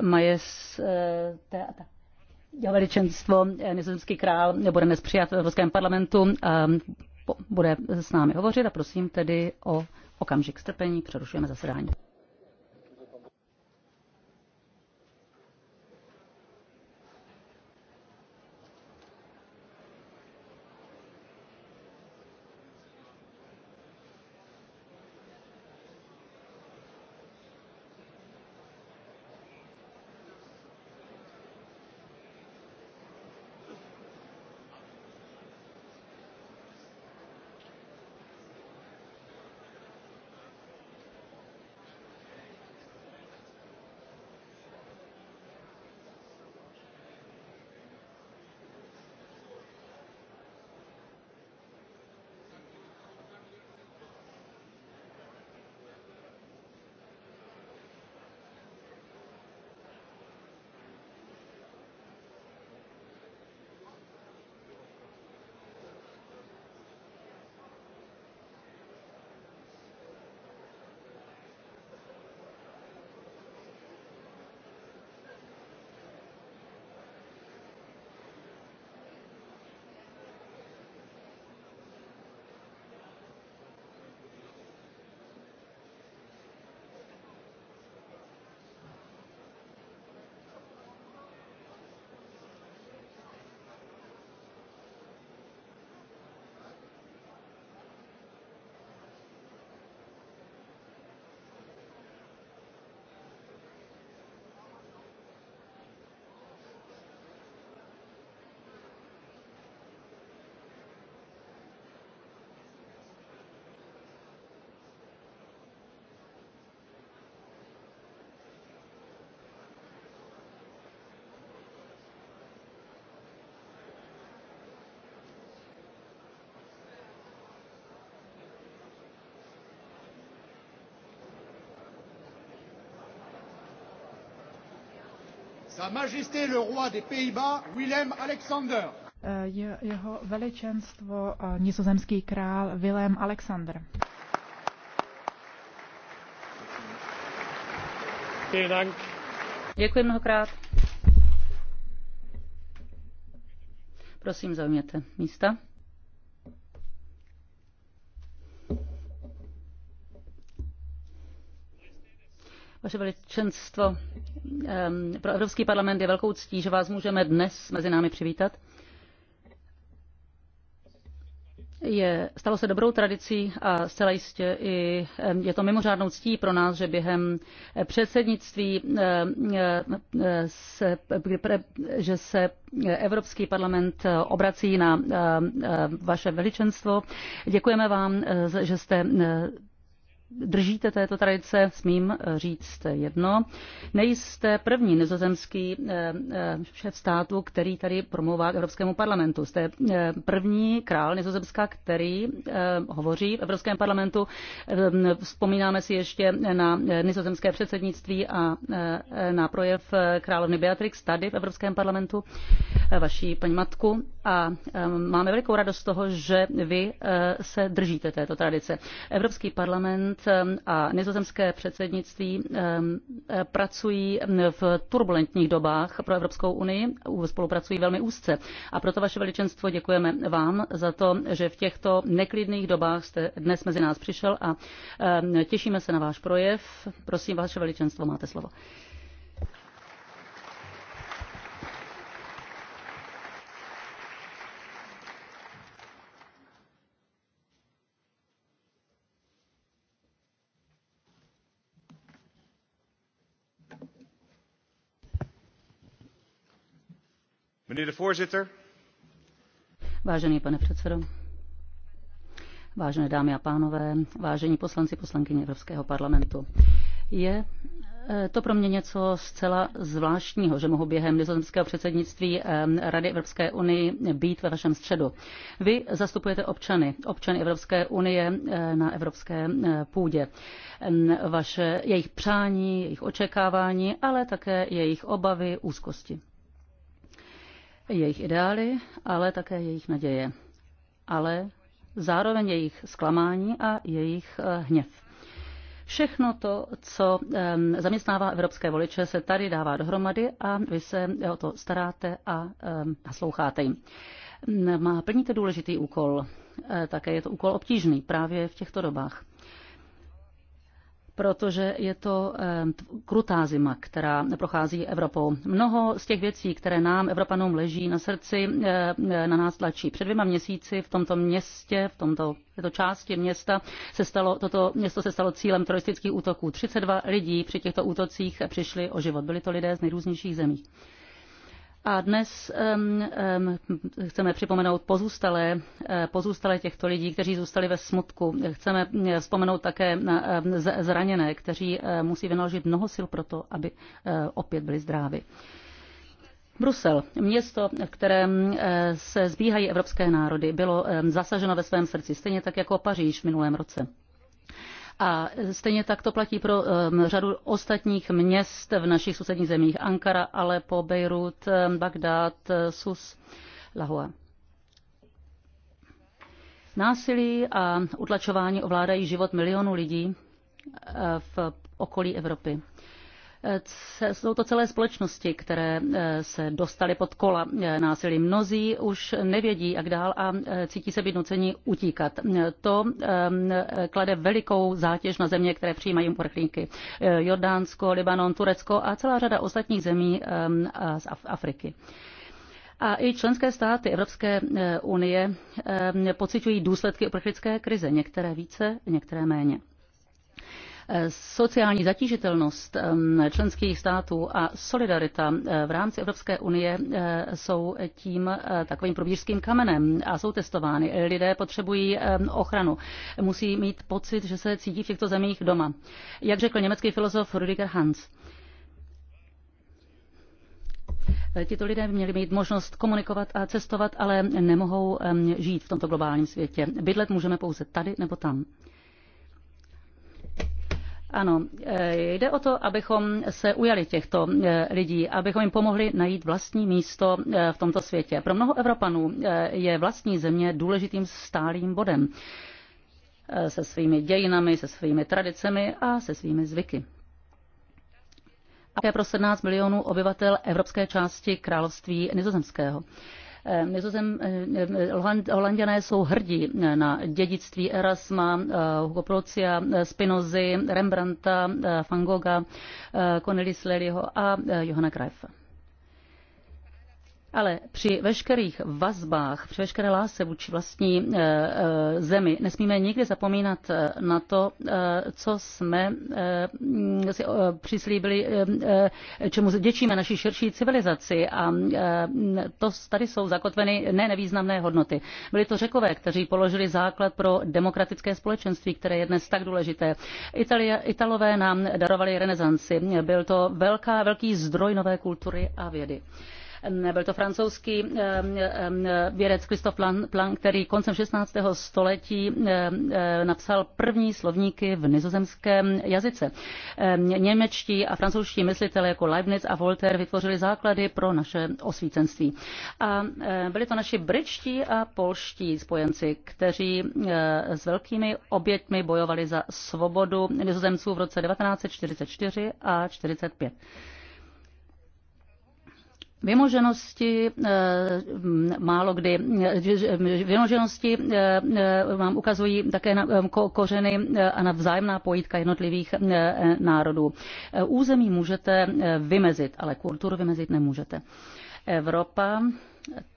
majesté eh, jeho veličenstvo, eh, nizozemský král, bude dnes přijat v Evropském parlamentu, bude s námi hovořit a prosím tedy o okamžik strpení, přerušujeme zasedání. Sa majesté le roi des Pays-Bas, Willem Alexander. Eh, je, jeho veličenstvo eh, nizozemský král Willem Alexander. Děkuji mnohokrát. Prosím, zaujměte místa. Vaše veličenstvo, pro Evropský parlament je velkou ctí, že vás můžeme dnes mezi námi přivítat. Je, stalo se dobrou tradicí a zcela jistě i je to mimořádnou ctí pro nás, že během eh, předsednictví eh, eh, se, že se Evropský parlament obrací na vaše veličenstvo. Děkujeme vám, že jste držíte této tradice, smím eh, říct jedno. Nejste první nizozemský eh, eh, šéf státu, který tady promluvá k Evropskému parlamentu. Jste první král nizozemská, který hovoří v Evropském parlamentu. Vzpomínáme si ještě na nizozemské předsednictví a na projev královny Beatrix tady v Evropském parlamentu, vaší paní matku a eh, máme velikou radost z toho, že vy eh, se držíte této tradice. Evropský parlament eh, a nizozemské předsednictví pracují v turbulentních dobách pro Evropskou unii, spolupracují velmi úzce. A proto vaše veličenstvo děkujeme vám za to, že v těchto neklidných dobách jste dnes mezi nás přišel a těšíme se na váš projev. Prosím, vaše veličenstvo, máte slovo. Vážený pane předsedo, vážené dámy a pánové, vážení poslanci, poslankyně Evropského parlamentu, je eh, to pro mě něco zcela zvláštního, že mohu během nizozemského předsednictví eh, Rady Evropské unie být ve vašem středu. Vy zastupujete občany, občany Evropské unie eh, na evropské půdě. Vaše, jejich přání, jejich očekávání, ale také jejich obavy, úzkosti jejich ideály, ale také jejich naděje, ale zároveň jejich zklamání a jejich eh, hněv. Všechno to, co zaměstnává evropské voliče, se tady dává dohromady a vy se o to staráte a nasloucháte jim. Má plníte důležitý úkol. Eh, také je to úkol obtížný právě v těchto dobách protože je to eh, krutá zima, která prochází Evropou. Mnoho z těch věcí, které nám, Evropanům, leží na srdci, eh, eh, na nás tlačí. Před dvěma měsíci v tomto městě, v tomto této části města se stalo, toto město se stalo cílem teroristických útoků. 32 lidí při těchto útocích přišli o život. Byli to lidé z nejrůznějších zemí. A dnes um, um, chceme připomenout pozůstalé, eh, pozůstalé těchto lidí, kteří zůstali ve smutku. Chceme eh, vzpomenout také na zraněné, kteří eh, musí vynaložit mnoho sil pro to, aby opět byli zdraví. Brusel, město, v kterém se zbíhají evropské národy, bylo zasaženo ve svém srdci, stejně tak jako Paříž v minulém roce. A stejně tak to platí pro um, řadu ostatních měst v našich sousedních zemích. Ankara, Alepo, Beirut, um, Bagdad, uh, Sus, Lahua. Násilí a utlačování ovládají život milionů lidí uh, v okolí Evropy. Eh, jsou to celé společnosti, které eh, se dostaly pod kola eh, násilí. Mnozí už nevědí, jak dál a cítí se být nuceni utíkat. To klade velikou zátěž na země, které přijímají uprchlíky. Jordánsko, Libanon, Turecko a celá řada ostatních zemí z Afriky. A i členské státy Evropské unie pociťují důsledky uprchlické krize, některé více, některé méně. Sociální zatížitelnost členských států a solidarita v rámci Evropské unie jsou tím eh, takovým probířským kamenem a jsou testovány. Lidé potřebují ochranu, musí mít pocit, že se cítí v těchto zemích doma. Jak řekl německý filozof Rudiger Hans, eh, Tito lidé by měli mít možnost komunikovat a cestovat, ale nemohou žít v tomto globálním světě. Bydlet můžeme pouze tady nebo tam. Ano, e, jde o to, abychom se ujali těchto e, lidí, abychom jim pomohli najít vlastní místo e, v tomto světě. Pro mnoho Evropanů je vlastní země důležitým stálým bodem se svými dějinami, se svými tradicemi a se svými zvyky. A je pro 17 milionů obyvatel evropské části království nizozemského. Eh, Nizozem, eh, Holanděné jsou hrdí eh, na dědictví Erasma, Hugo Procia, Spinozy, Rembrandta, Van Cornelis Lelyho a Johana Greifa ale při veškerých vazbách, při veškeré lásce vůči vlastní eh, eh, zemi nesmíme nikdy zapomínat eh, na to, co jsme si přislíbili, čemu děčíme naší širší civilizaci a to tady jsou zakotveny ne nevýznamné hodnoty. Byli to řekové, kteří položili základ pro demokratické společenství, které je dnes tak důležité. Italia, Italové nám darovali renesanci. Byl to velká, velký zdroj nové kultury a vědy. Byl to francouzský eh, eh, vědec Christophe Planck, který koncem 16. století eh, napsal první slovníky v nizozemském jazyce. Němečtí a francouzští myslitelé jako Leibniz a Voltaire vytvořili základy pro naše osvícenství. A byli to naši britští a polští spojenci, kteří s velkými oběťmi bojovali za svobodu nizozemců v roce 1944 a 1945 vymoženosti eh, málo kdy eh, vymoženosti eh, vám ukazují také na kořeny a na vzájemná pojítka jednotlivých národů. Území můžete vymezit, ale kulturu vymezit nemůžete. Evropa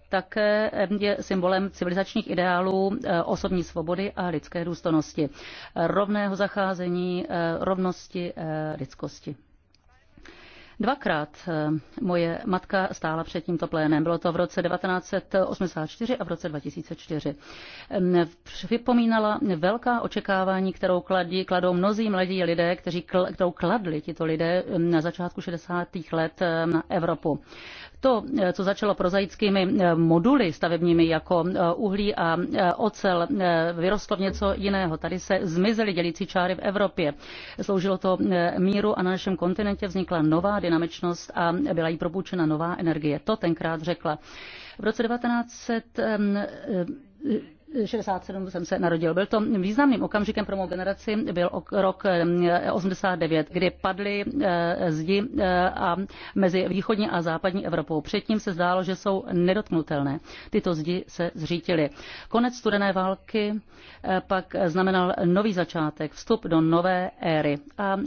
také je symbolem civilizačních ideálů osobní svobody a lidské důstojnosti, rovného zacházení, rovnosti, lidskosti. Dvakrát eh, moje matka stála před tímto plénem. Bylo to v roce 1984 a v roce 2004. Vypomínala velká očekávání, kterou kladí, kladou mnozí mladí lidé, kteří, kl, kladli tito lidé na začátku 60. let eh, na Evropu. To, eh, co začalo prozaickými eh, moduly stavebními jako eh, uhlí a ocel, vyrostlo v něco jiného. Tady se zmizely dělící čáry v Evropě. Sloužilo to míru a na našem kontinentě vznikla nová dynamičnost a byla jí propůjčena nová energie. To tenkrát řekla. V roce 1900 67 jsem se narodil. Byl to významným okamžikem pro mou generaci, byl rok 89, eh, kdy padly eh, zdi eh, a mezi východní a západní Evropou. Předtím se zdálo, že jsou nedotknutelné. Tyto zdi se zřítily. Konec studené války pak znamenal nový začátek, vstup do nové éry. A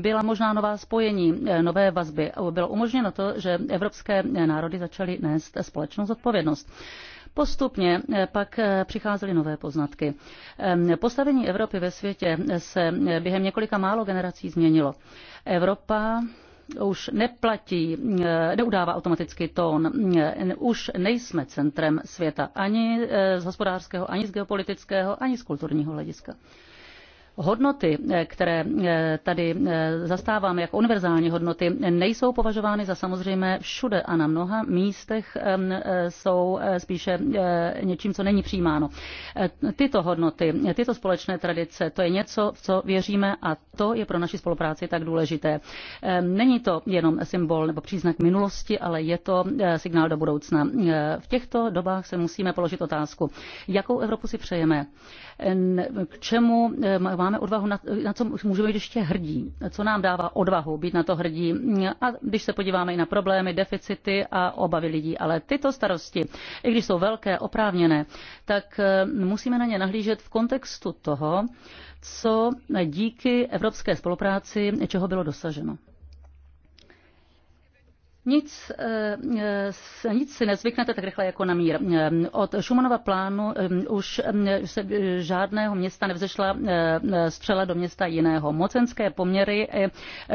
byla možná nová spojení, nové vazby. Bylo umožněno to, že evropské národy začaly nést společnou zodpovědnost. Postupně eh, pak eh, přicházely nové poznatky. Ehm, postavení Evropy ve světě se eh, během několika málo generací změnilo. Evropa už neplatí, neudává automaticky tón. Už nejsme centrem světa ani z hospodářského, ani z geopolitického, ani z kulturního hlediska hodnoty, eh, které eh, tady eh, zastáváme jako univerzální hodnoty, nejsou považovány za samozřejmé všude a na mnoha místech jsou spíše něčím, co není přijímáno. Tyto hodnoty, tyto společné tradice, to je něco, v co věříme a to je pro naši spolupráci tak důležité. Není to jenom symbol nebo příznak minulosti, ale je to signál do budoucna. V těchto dobách se musíme položit otázku, jakou Evropu si přejeme, k čemu máme odvahu, na, na co můžeme být ještě hrdí, co nám dává odvahu být na to hrdí. A když se podíváme i na problémy, deficity a obavy lidí, ale tyto starosti, i když jsou velké, oprávněné, tak eh, musíme na ně nahlížet v kontextu toho, co díky evropské spolupráci, čeho bylo dosaženo. Nic, eh, eh, nic si nezvyknete tak rychle jako na mír. Eh, od Šumanova plánu už se žádného města nevzešla střela do města jiného. Mocenské poměry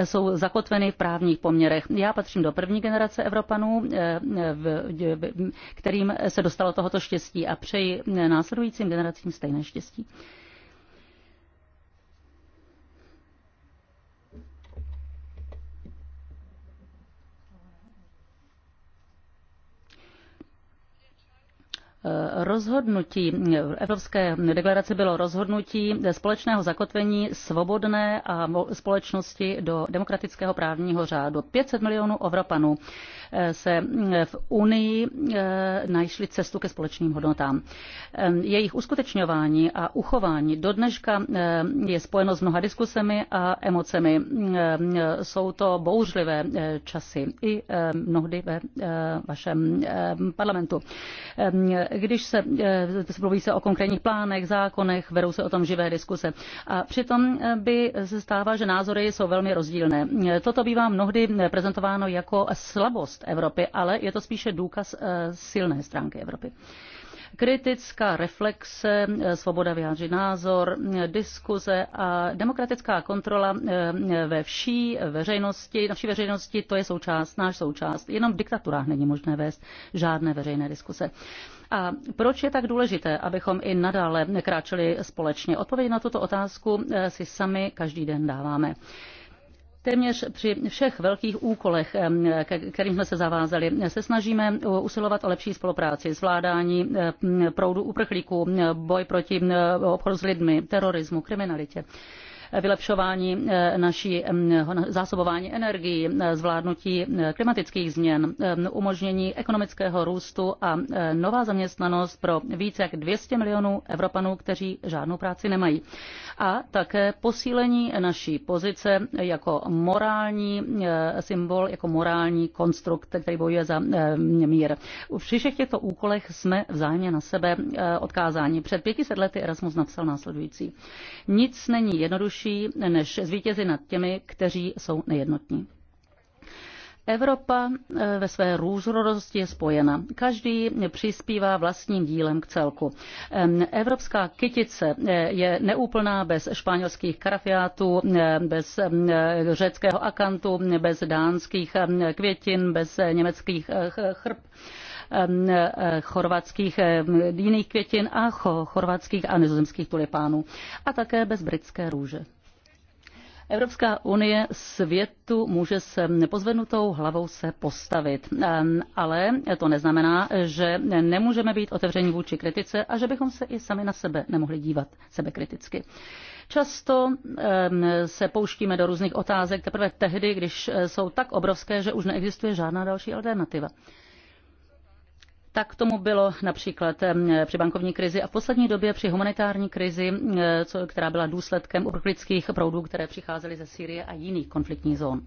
jsou zakotveny v právních poměrech. Já patřím do první generace Evropanů, kterým se dostalo tohoto štěstí a přeji následujícím generacím stejné štěstí. rozhodnutí, v Evropské deklaraci bylo rozhodnutí společného zakotvení svobodné a společnosti do demokratického právního řádu. 500 milionů Evropanů eh, se eh, v Unii eh, našli cestu ke společným hodnotám. Jejich uskutečňování a uchování do dneška je spojeno s mnoha diskusemi a emocemi. Jsou to bouřlivé časy i mnohdy ve vašem parlamentu když se eh, mluví se o konkrétních plánech, zákonech, vedou se o tom živé diskuse. A přitom eh, by se stává, že názory jsou velmi rozdílné. Eh, toto bývá mnohdy prezentováno jako slabost Evropy, ale je to spíše důkaz silné stránky Evropy kritická reflexe, eh, svoboda vyjádřit názor, eh, diskuze a demokratická kontrola eh, ve vší veřejnosti, na vší veřejnosti, to je součást, náš součást. Jenom v diktaturách není možné vést žádné veřejné diskuse. A proč je tak důležité, abychom i nadále nekráčeli společně? Odpověď na tuto otázku si sami každý den dáváme. Téměř při všech velkých úkolech, kterým jsme se zavázali, se snažíme usilovat o lepší spolupráci, zvládání proudu uprchlíků, boj proti obchodu s lidmi, terorismu, kriminalitě vylepšování eh, naší zásobování energií, eh, zvládnutí eh, klimatických změn, umožnění ekonomického růstu a nová zaměstnanost pro více jak 200 milionů Evropanů, kteří žádnou práci nemají. A také posílení naší pozice jako morální symbol, jako morální konstrukt, který bojuje za mír. Při všech těchto úkolech jsme vzájemně na sebe odkázáni. Před 500 lety Erasmus napsal následující. Nic není jednodušší jednodušší, než zvítězit nad těmi, kteří jsou nejednotní. Evropa eh, ve své různorodosti je spojena. Každý přispívá vlastním dílem k celku. Evropská kytice eh, je neúplná bez španělských karafiátů, eh, bez řeckého akantu, bez dánských květin, bez německých chrb. Eh, chorvatských jiných květin a chorvatských a nizozemských tulipánů a také bez britské růže. Evropská unie světu může se nepozvednutou hlavou se postavit, ale to neznamená, že nemůžeme být otevření vůči kritice a že bychom se i sami na sebe nemohli dívat sebekriticky. Často se pouštíme do různých otázek teprve tehdy, když eh, jsou tak obrovské, že už neexistuje žádná další alternativa. Tak tomu bylo například při bankovní krizi a v poslední době při humanitární krizi, která byla důsledkem uprchlických proudů, které přicházely ze Sýrie a jiných konfliktních zón.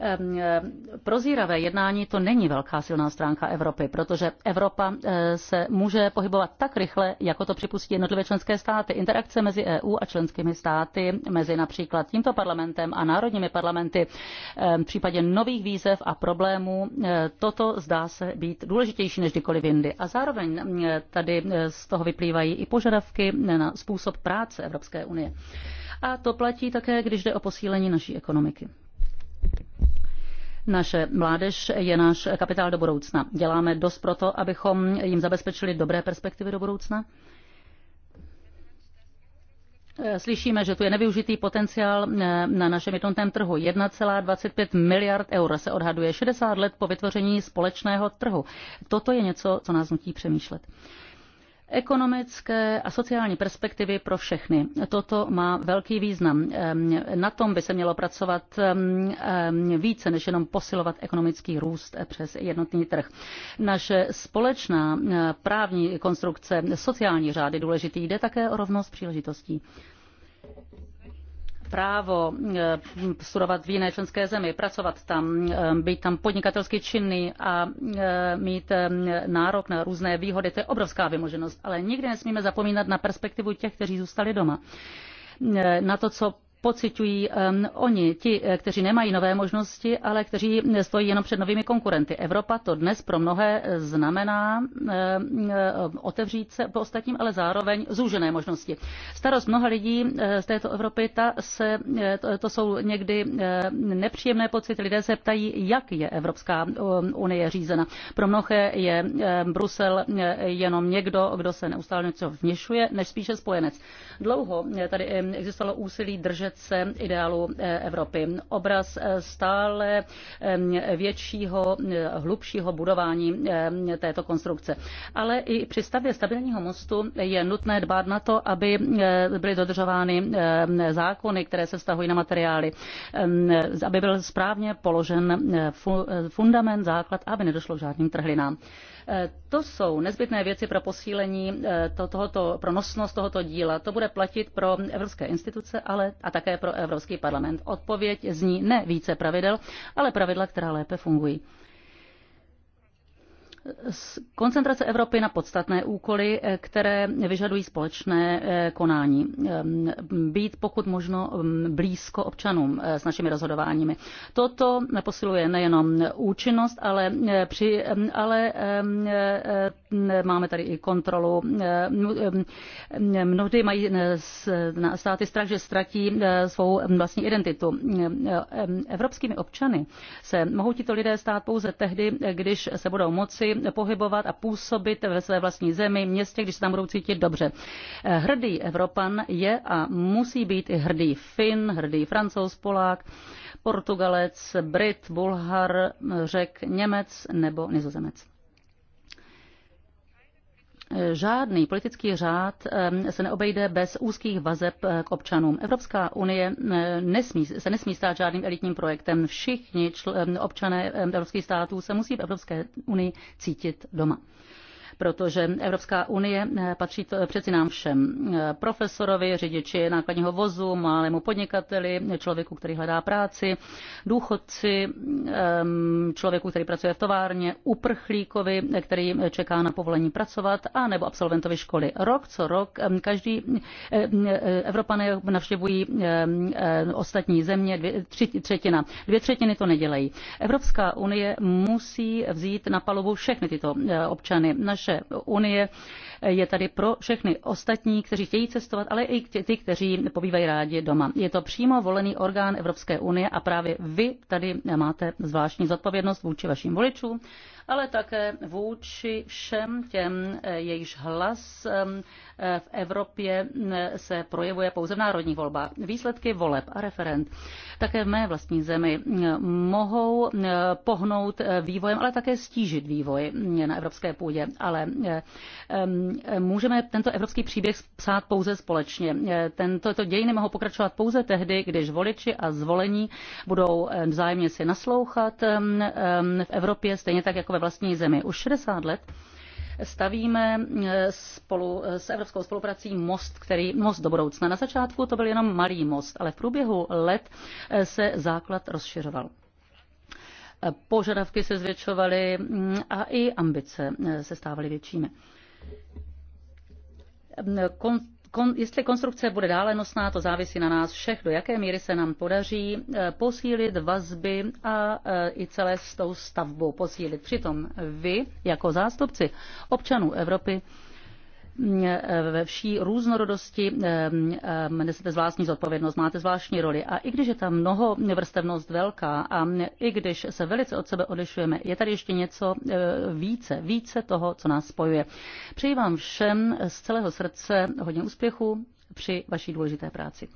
Eh, prozíravé jednání to není velká silná stránka Evropy, protože Evropa eh, se může pohybovat tak rychle, jako to připustí jednotlivé členské státy. Interakce mezi EU a členskými státy, mezi například tímto parlamentem a národními parlamenty v případě nových výzev a problémů, eh, toto zdá se být důležitější než kdykoliv jindy. A zároveň tady z toho vyplývají i požadavky na způsob práce Evropské unie. A to platí také, když jde o posílení naší ekonomiky. Naše mládež je náš kapitál do budoucna. Děláme dost proto, abychom jim zabezpečili dobré perspektivy do budoucna? Slyšíme, že tu je nevyužitý potenciál na našem jednotném trhu. 1,25 miliard eur se odhaduje 60 let po vytvoření společného trhu. Toto je něco, co nás nutí přemýšlet ekonomické a sociální perspektivy pro všechny. Toto má velký význam. Na tom by se mělo pracovat více, než jenom posilovat ekonomický růst přes jednotný trh. Naše společná právní konstrukce, sociální řády důležitý, jde také o rovnost příležitostí právo eh, studovat v jiné členské zemi, pracovat tam, eh, být tam podnikatelsky činný a eh, mít nárok na různé výhody, to je obrovská vymoženost. Ale nikdy nesmíme zapomínat na perspektivu těch, kteří zůstali doma na to, co pocitují oni, ti, eh, kteří nemají nové možnosti, ale kteří stojí jenom před novými konkurenty. Evropa to dnes pro mnohé eh, znamená eh, otevřít se po ostatním, ale zároveň zúžené možnosti. Starost mnoha lidí z této Evropy, ta se, to, to jsou někdy nepříjemné pocity. Lidé se ptají, jak je Evropská unie řízena. Pro mnohé je Brusel jenom někdo, kdo se neustále něco vněšuje, než spíše spojenec. Dlouho tady existovalo úsilí držet držet se ideálu eh, Evropy. Obraz eh, stále eh, většího, hlubšího budování této konstrukce. Ale i při stavbě stabilního mostu je nutné dbát na to, aby byly dodržovány zákony, které se vztahují na materiály, aby byl správně položen fundament, základ, aby nedošlo k žádným trhlinám. Eh, to jsou nezbytné věci pro posílení eh, to, tohoto, pro nosnost tohoto díla. To bude platit pro evropské instituce, ale a také pro Evropský parlament. Odpověď zní ne více pravidel, ale pravidla, která lépe fungují koncentrace Evropy na podstatné úkoly, eh, které vyžadují společné eh, konání. Ehm, být pokud možno ehm, blízko občanům eh, s našimi rozhodováními. Toto posiluje nejenom účinnost, ale, při, ehm, ale máme tady i kontrolu. Mnohdy mají státy strach, že ztratí svou vlastní identitu. Evropskými občany se mohou tito lidé stát pouze tehdy, když se budou moci pohybovat a působit ve své vlastní zemi, městě, když se tam budou cítit dobře. Eh, hrdý Evropan je a musí být i hrdý Fin, hrdý Francouz, Polák, Portugalec, Brit, Bulhar, Řek, Němec nebo Nizozemec. Žádný politický řád se neobejde bez úzkých vazeb eh, k občanům. Evropská unie nesmí, se nesmí stát žádným elitním projektem. Všichni čl, občané evropských států se musí v Evropské unii cítit doma protože Evropská unie eh, patří to, přeci nám všem. Eh, profesorovi, řidiči nákladního vozu, malému podnikateli, člověku, který hledá práci, důchodci, ehm, člověku, který pracuje v továrně, uprchlíkovi, který čeká na povolení pracovat, a nebo absolventovi školy. Rok co rok ehm, každý ehm, eh, Evropané navštěvují ostatní země, dvě, tři, třetina. Dvě třetiny to nedělají. Evropská unie musí vzít na palubu všechny tyto občany. Naš naše unie je tady pro všechny ostatní, kteří chtějí cestovat, ale i ty, kteří pobývají rádi doma. Je to přímo volený orgán Evropské unie a právě vy tady máte zvláštní zodpovědnost vůči vašim voličům, ale také vůči všem těm, eh, jejichž hlas v Evropě mm, se projevuje pouze v národních volbách. Výsledky voleb a referent také v mé vlastní zemi mm, mohou mm, pohnout eh, vývojem, ale také stížit vývoj na evropské půdě. Ale eh, můžeme tento evropský příběh psát pouze společně. Eh, tento to dějiny mohou pokračovat pouze tehdy, když voliči a zvolení budou vzájemně si naslouchat v Evropě, stejně tak jako ve vlastní zemi. Už 60 let stavíme eh, spolu eh, s evropskou spoluprací most, který most do budoucna. Na začátku to byl jenom malý most, ale v průběhu let eh, se základ rozšiřoval požadavky se zvětšovaly mm, a i ambice se stávaly většími kon, jestli konstrukce bude dále nosná, to závisí na nás všech, do jaké míry se nám podaří eh, posílit vazby a eh, i celé s tou stavbou posílit. Přitom vy, jako zástupci občanů Evropy, Eh, ve vší různorodosti eh, eh, nesete zvláštní zodpovědnost, máte zvláštní roli. A i když je tam mnoho vrstevnost velká a i když se velice od sebe odlišujeme, je tady ještě něco více, více toho, co nás spojuje. Přeji vám všem z celého srdce hodně úspěchu při vaší důležité práci.